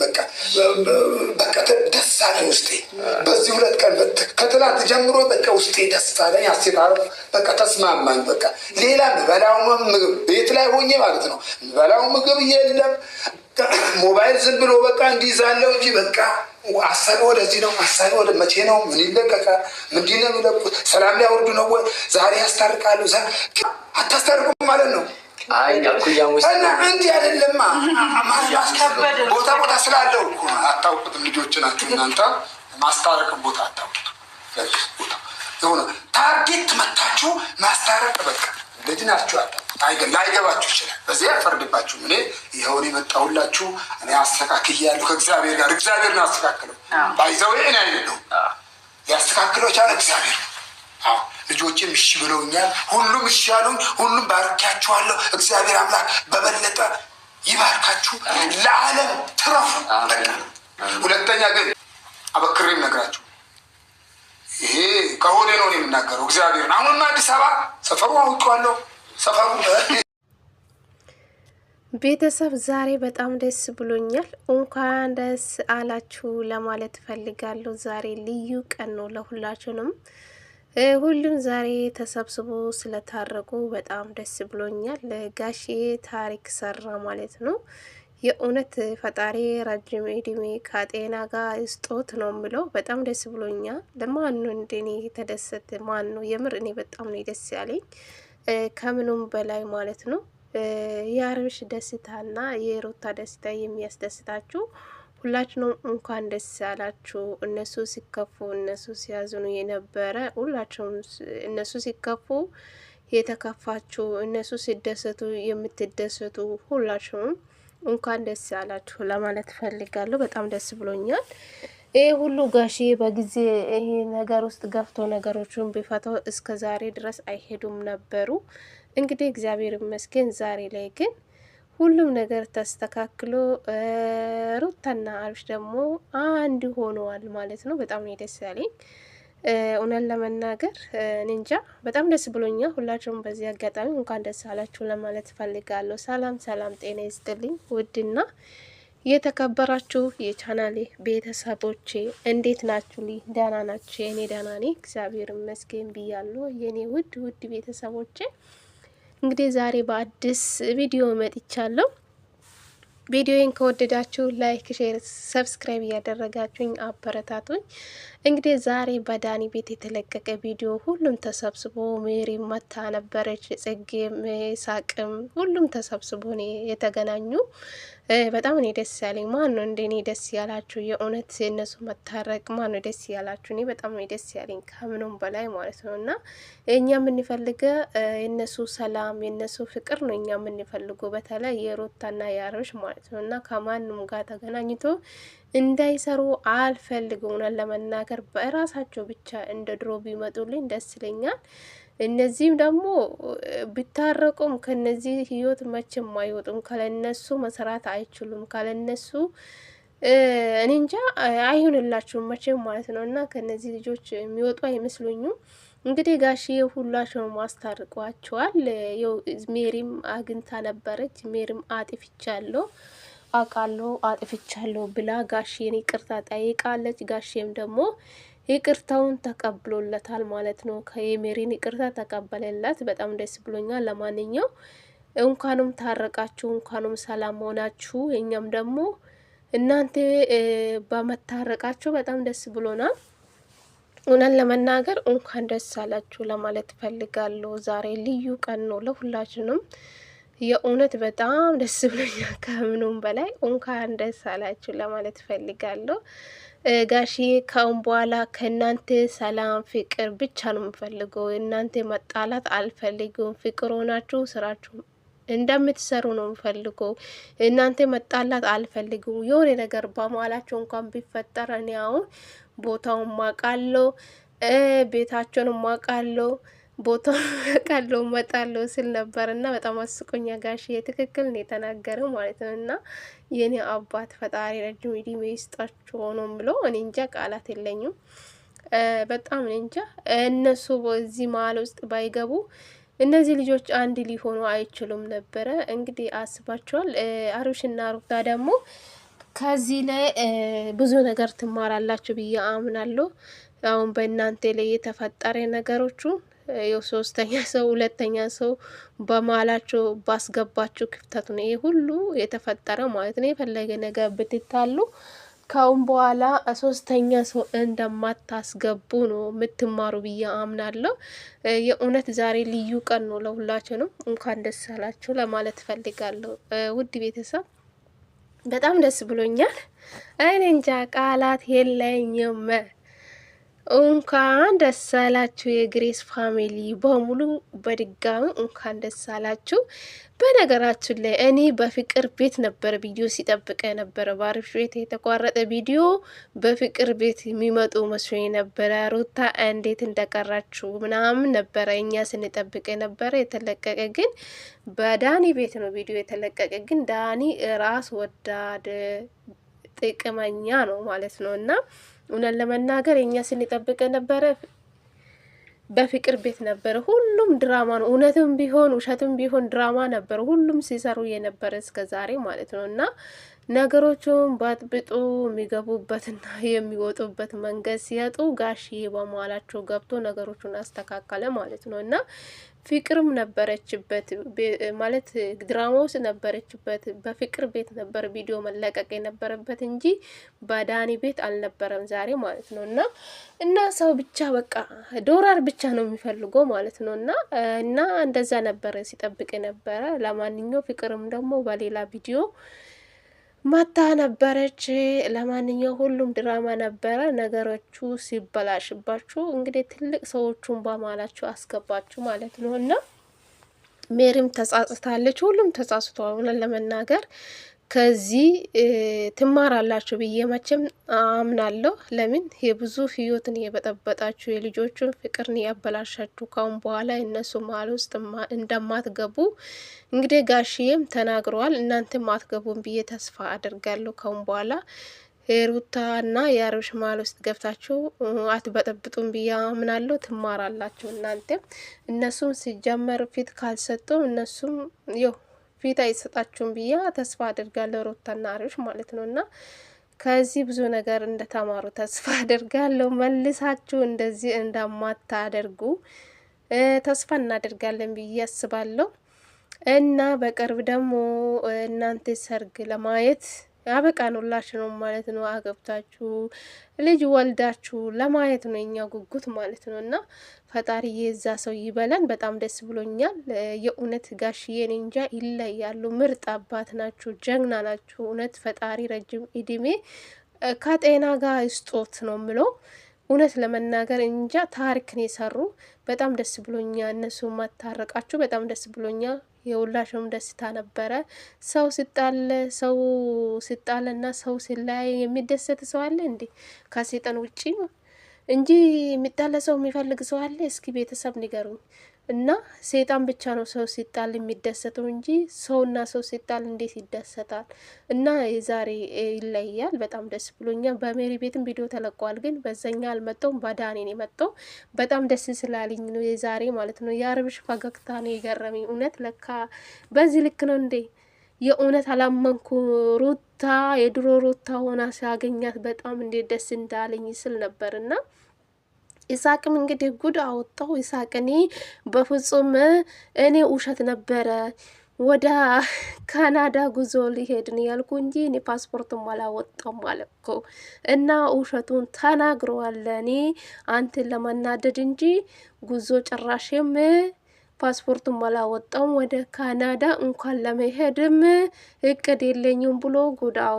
በቃ ደስ አለኝ ውስጤ። በዚህ ሁለት ቀን ከትላት ጀምሮ በቃ ውስጤ ደስ አለኝ። አስተራረፉ በቃ ተስማማኝ። በቃ ሌላ ምበላው ምግብ ቤት ላይ ሆኜ ማለት ነው ምበላው ምግብ የለም። ሞባይል ዝም ብሎ በቃ እንዲይዛለው እንጂ በቃ አሳቢ ወደዚህ ነው፣ አሳቢ ወደ መቼ ነው? ምን ይለቀቃል? ምንድን ነው የሚለቁት? ሰላም ሊያወርዱ ነው ወይ? ዛሬ ያስታርቃሉ? አታስታርቁም ማለት ነው እና እንዲህ አይደለማ ቦታ ቦታ ስላለው አታውቁትም። ልጆች ናችሁ እናንተ ማስታረቅም ቦታ አታውቁት የሆነ ታርጌት መታችሁ ማስታረቅ በቃ እንደዚህ ናችሁ ላይገባችሁ ይችላል። በዚህ ያፈርድባችሁ። እኔ ይኸውን የመጣሁላችሁ እኔ አስተካክያለሁ ከእግዚአብሔር ጋር እግዚአብሔር ነው ያስተካክለው። ባይዘው እኔ አይደለሁም ያስተካክለው ቻለ እግዚአብሔር ነው። ልጆችም እሺ ብለውኛል። ሁሉም እሺ አሉኝ። ሁሉም ባርኪያችኋለሁ። እግዚአብሔር አምላክ በበለጠ ይባርካችሁ፣ ለዓለም ትረፉ። ሁለተኛ ግን አበክሬም ነግራችሁ ይሄ ከሆነ ነው የምናገረው እግዚአብሔር አሁንና አዲስ አበባ ሰፈሩ አውቀዋለሁ። ሰፈሩ ቤተሰብ ዛሬ በጣም ደስ ብሎኛል። እንኳን ደስ አላችሁ ለማለት ፈልጋለሁ። ዛሬ ልዩ ቀን ነው ለሁላችሁንም። ሁሉም ዛሬ ተሰብስቦ ስለታረቁ በጣም ደስ ብሎኛል። ጋሼ ታሪክ ሰራ ማለት ነው። የእውነት ፈጣሪ ረጅም እድሜ ከጤና ጋር ስጦት ነው የምለው። በጣም ደስ ብሎኛል። ለማኑ ነው እንደኔ የተደሰተ የምር እኔ በጣም ነው ደስ ያለኝ ከምኑም በላይ ማለት ነው። የአብርሽ ደስታና የሩታ ደስታ የሚያስደስታችሁ ሁላችንም እንኳን ደስ አላችሁ። እነሱ ሲከፉ፣ እነሱ ሲያዝኑ የነበረ ሁላችሁም እነሱ ሲከፉ የተከፋችሁ፣ እነሱ ሲደሰቱ የምትደሰቱ ሁላችሁም እንኳን ደስ አላችሁ ለማለት ፈልጋለሁ። በጣም ደስ ብሎኛል። ይህ ሁሉ ጋሼ በጊዜ ይሄ ነገር ውስጥ ገብቶ ነገሮቹን ቢፈተው እስከ ዛሬ ድረስ አይሄዱም ነበሩ። እንግዲህ እግዚአብሔር ይመስገን ዛሬ ላይ ግን ሁሉም ነገር ተስተካክሎ ሩታና አብርሽ ደግሞ አንድ ሆነዋል ማለት ነው። በጣም ነው ደስ ያለኝ እውነት ለመናገር እንጃ በጣም ደስ ብሎኛ። ሁላችሁም በዚህ አጋጣሚ እንኳን ደስ አላችሁ ለማለት ፈልጋለሁ። ሰላም ሰላም፣ ጤና ይስጥልኝ ውድና የተከበራችሁ የቻናሌ ቤተሰቦቼ እንዴት ናችሁ? ሊ ደህና ናችሁ? የእኔ ደህና ነኝ እግዚአብሔር ይመስገን ብያለሁ የእኔ ውድ ውድ ቤተሰቦቼ እንግዲህ ዛሬ በአዲስ ቪዲዮ መጥቻለሁ። ቪዲዮን ከወደዳችሁ ላይክ፣ ሼር፣ ሰብስክራይብ እያደረጋችሁኝ አበረታቱኝ። እንግዲህ ዛሬ በዳኒ ቤት የተለቀቀ ቪዲዮ ሁሉም ተሰብስቦ ሜሪ መታ ነበረች፣ ጽጌም፣ ሳቅም ሁሉም ተሰብስቦ የተገናኙ በጣም እኔ ደስ ያለኝ ማን ነው እንደ እኔ ደስ ያላችሁ? የእውነት እነሱ መታረቅ ማን ነው ደስ ያላችሁ? እኔ በጣም እኔ ደስ ያለኝ ከምኖም በላይ ማለት ነው። እና እኛ የምንፈልገ የእነሱ ሰላም የእነሱ ፍቅር ነው እኛ የምንፈልጉ፣ በተለይ የሮታና የአብርሽ ማለት ነው። እና ከማንም ጋር ተገናኝቶ እንዳይሰሩ አልፈልገውናል ለመናገር በራሳቸው ብቻ እንደ ድሮ ቢመጡልኝ ደስ ይለኛል። እነዚህም ደግሞ ቢታረቁም ከነዚህ ህይወት መቼም አይወጡም። ካለነሱ መሰራት አይችሉም። ካለነሱ እኔ እንጃ አይሆንላችሁም መቼም ማለት ነው። እና ከነዚህ ልጆች የሚወጡ አይመስሉኝም። እንግዲህ ጋሽዬ ሁላቸው ማስታርቋቸዋል። ሜሪም አግኝታ ነበረች። ሜሪም አጥፍቻለሁ አውቃለሁ አጥፍቻለሁ ብላ ጋሼን ይቅርታ ጠይቃለች። ጋሼም ደግሞ ይቅርታውን ተቀብሎለታል ማለት ነው። ከየሜሪን ይቅርታ ተቀበለላት። በጣም ደስ ብሎኛል። ለማንኛው እንኳኑም ታረቃችሁ፣ እንኳኑም ሰላም መሆናችሁ። እኛም ደግሞ እናንተ በመታረቃችሁ በጣም ደስ ብሎናል። እውነት ለመናገር እንኳን ደስ አላችሁ ለማለት ፈልጋለሁ። ዛሬ ልዩ ቀን ነው ለሁላችንም። የእውነት በጣም ደስ ብሎኛል። ከምኑም በላይ እንኳን ደስ አላችሁ ለማለት ፈልጋለሁ። ጋሽዬ ከአሁን በኋላ ከእናንተ ሰላም፣ ፍቅር ብቻ ነው የምፈልገው። እናንተ መጣላት አልፈልግም። ፍቅር ሆናችሁ ስራችሁ እንደምትሰሩ ነው የምፈልገው። እናንተ መጣላት አልፈልግም። የሆነ ነገር በመዋላቸው እንኳን ቢፈጠረን እኔ ቦታውን ማቃለው፣ ቤታቸውን ማቃለው ቦታው ቀለው መጣለው ስል ነበር እና በጣም አስቆኛ ጋሽዬ ትክክል ነው የተናገረው ማለት ነው። እና የኔ አባት ፈጣሪ ረጅም ዕድሜ ይስጣችሁ ሆኖም ብሎ እኔ እንጃ ቃላት የለኝም። በጣም እኔ እንጃ እነሱ በዚህ መሀል ውስጥ ባይገቡ እነዚህ ልጆች አንድ ሊሆኑ አይችሉም ነበረ። እንግዲህ አስባችኋል። አብርሽና ሩታ ደግሞ ከዚህ ላይ ብዙ ነገር ትማራላችሁ ብዬ አምናለሁ። አሁን በእናንተ ላይ የተፈጠረ ነገሮቹ ይኸው ሶስተኛ ሰው ሁለተኛ ሰው በማላቸው ባስገባቸው ክፍተት ነው ይሄ ሁሉ የተፈጠረ ማለት ነው። የፈለገ ነገር ብትታሉ ካሁን በኋላ ሶስተኛ ሰው እንደማታስገቡ ነው የምትማሩ ብዬ አምናለሁ። የእውነት ዛሬ ልዩ ቀን ነው ለሁላቸው ነው። እንኳን ደስ አላችሁ ለማለት ፈልጋለሁ ውድ ቤተሰብ በጣም ደስ ብሎኛል። እኔ እንጃ ቃላት የለኝም። እንኳን ደስ አላችሁ የግሬስ ፋሚሊ በሙሉ በድጋሚ እንኳን ደስ አላችሁ። በነገራችን ላይ እኔ በፍቅር ቤት ነበረ ቪዲዮ ሲጠብቀ ነበረ። በአብርሽ ቤት የተቋረጠ ቪዲዮ በፍቅር ቤት የሚመጡ መስሎ ነበረ። ሩታ እንዴት እንደቀራችሁ ምናምን ነበረ እኛ ስንጠብቀ ነበረ። የተለቀቀ ግን በዳኒ ቤት ነው ቪዲዮ የተለቀቀ። ግን ዳኒ ራስ ወዳድ ጥቅመኛ ነው ማለት ነው እና እውነት ለመናገር እኛ ስንጠብቅ ነበረ በፍቅር ቤት ነበረ። ሁሉም ድራማ ነው። እውነትም ቢሆን ውሸትም ቢሆን ድራማ ነበር ሁሉም ሲሰሩ የነበረ እስከ ዛሬ ማለት ነው እና ነገሮቹን በጥብጦ የሚገቡበትና የሚወጡበት መንገድ ሲያጡ ጋሽዬ በመዋላቸው ገብቶ ነገሮቹን አስተካከለ ማለት ነው እና ፍቅርም ነበረችበት ማለት ድራማ ውስጥ ነበረችበት። በፍቅር ቤት ነበር ቪዲዮ መለቀቅ የነበረበት እንጂ በዳኒ ቤት አልነበረም ዛሬ ማለት ነው እና እና ሰው ብቻ በቃ ዶላር ብቻ ነው የሚፈልገው ማለት ነው እና እና እንደዛ ነበረ ሲጠብቅ ነበረ። ለማንኛው ፍቅርም ደግሞ በሌላ ቪዲዮ መታ ነበረች። ለማንኛው ሁሉም ድራማ ነበረ። ነገሮቹ ሲበላሽባችሁ እንግዲህ ትልቅ ሰዎቹን በማላችሁ አስገባችሁ ማለት ነው እና ሜሪም ተጻጽታለች። ሁሉም ተጻጽቷል ለመናገር ከዚህ ትማራላችሁ ብዬ መቼም አምናለሁ። ለምን የብዙ ህይወትን የበጠበጣችሁ የልጆቹን ፍቅርን ያበላሻችሁ ካሁን በኋላ እነሱ መሀል ውስጥ እንደማትገቡ እንግዲህ ጋሽዬም ተናግረዋል። እናንተ ማትገቡን ብዬ ተስፋ አድርጋለሁ። ካሁን በኋላ ሩታ እና የአብርሽ መሀል ውስጥ ገብታችሁ አትበጠብጡም ብዬ አምናለሁ። ትማራላችሁ እናንተም እነሱም ሲጀመር ፊት ካልሰጡ እነሱም ፊት አይሰጣችሁም ብዬ ተስፋ አድርጋለሁ ሩታና አብርሽ ማለት ነው እና ከዚህ ብዙ ነገር እንደተማሩ ተስፋ አድርጋለሁ። መልሳችሁ እንደዚህ እንደማታደርጉ ተስፋ እናደርጋለን ብዬ አስባለሁ እና በቅርብ ደግሞ እናንተ ሰርግ ለማየት አበቃ ነው ነው ማለት ነው። አገብታችሁ ልጅ ወልዳችሁ ለማየት ነው የኛ ጉጉት ማለት ነው። እና ፈጣሪ የዛ ሰው ይበለን። በጣም ደስ ብሎኛል የእውነት ጋሽዬን እንጃ ይለያሉ። ምርጥ አባት ናችሁ፣ ጀግና ናችሁ። እውነት ፈጣሪ ረጅም እድሜ ከጤና ጋር ስጦት ነው ምለው እውነት ለመናገር እንጃ ታሪክን የሰሩ በጣም ደስ ብሎኛ። እነሱ ማታረቃችሁ በጣም ደስ ብሎኛ። የሁላቸውም ደስታ ነበረ። ሰው ሲጣለ ሰው ሲጣለና ሰው ሲለያይ የሚደሰት ሰው አለ እንዴ? ከሴጠን ውጪ እንጂ የሚጣለሰው ሰው የሚፈልግ ሰው አለ? እስኪ ቤተሰብ ንገሩኝ። እና ሴጣን ብቻ ነው ሰው ሲጣል የሚደሰተው እንጂ ሰውና ሰው ሲጣል እንዴት ይደሰታል? እና የዛሬ ይለያል። በጣም ደስ ብሎኛል። በሜሪ ቤትም ቪዲዮ ተለቋል፣ ግን በዛኛ አልመጣውም። በዳኔን የመጣው በጣም ደስ ስላለኝ ነው የዛሬ ማለት ነው። የአርብሽ ፈገግታ ነው የገረመኝ። እውነት ለካ በዚህ ልክ ነው እንዴ የእውነት አላመንኩ ሩታ የድሮ ሩታ ሆና ሲያገኛት በጣም እንዴት ደስ እንዳለኝ ስል ነበር ነበርና ይሳቅም እንግዲህ ጉድ አወጣው። ይሳቅ እኔ በፍጹም እኔ ውሸት ነበረ ወደ ካናዳ ጉዞ ሊሄድን ያልኩ እንጂ እኔ ፓስፖርትም አላወጣም አለኮ እና ውሸቱን ተናግረዋለ እኔ አንተን ለማናደድ እንጂ ጉዞ ጭራሽም ፓስፖርቱም አላወጣውም። ወደ ካናዳ እንኳን ለመሄድም እቅድ የለኝም ብሎ ጉዳው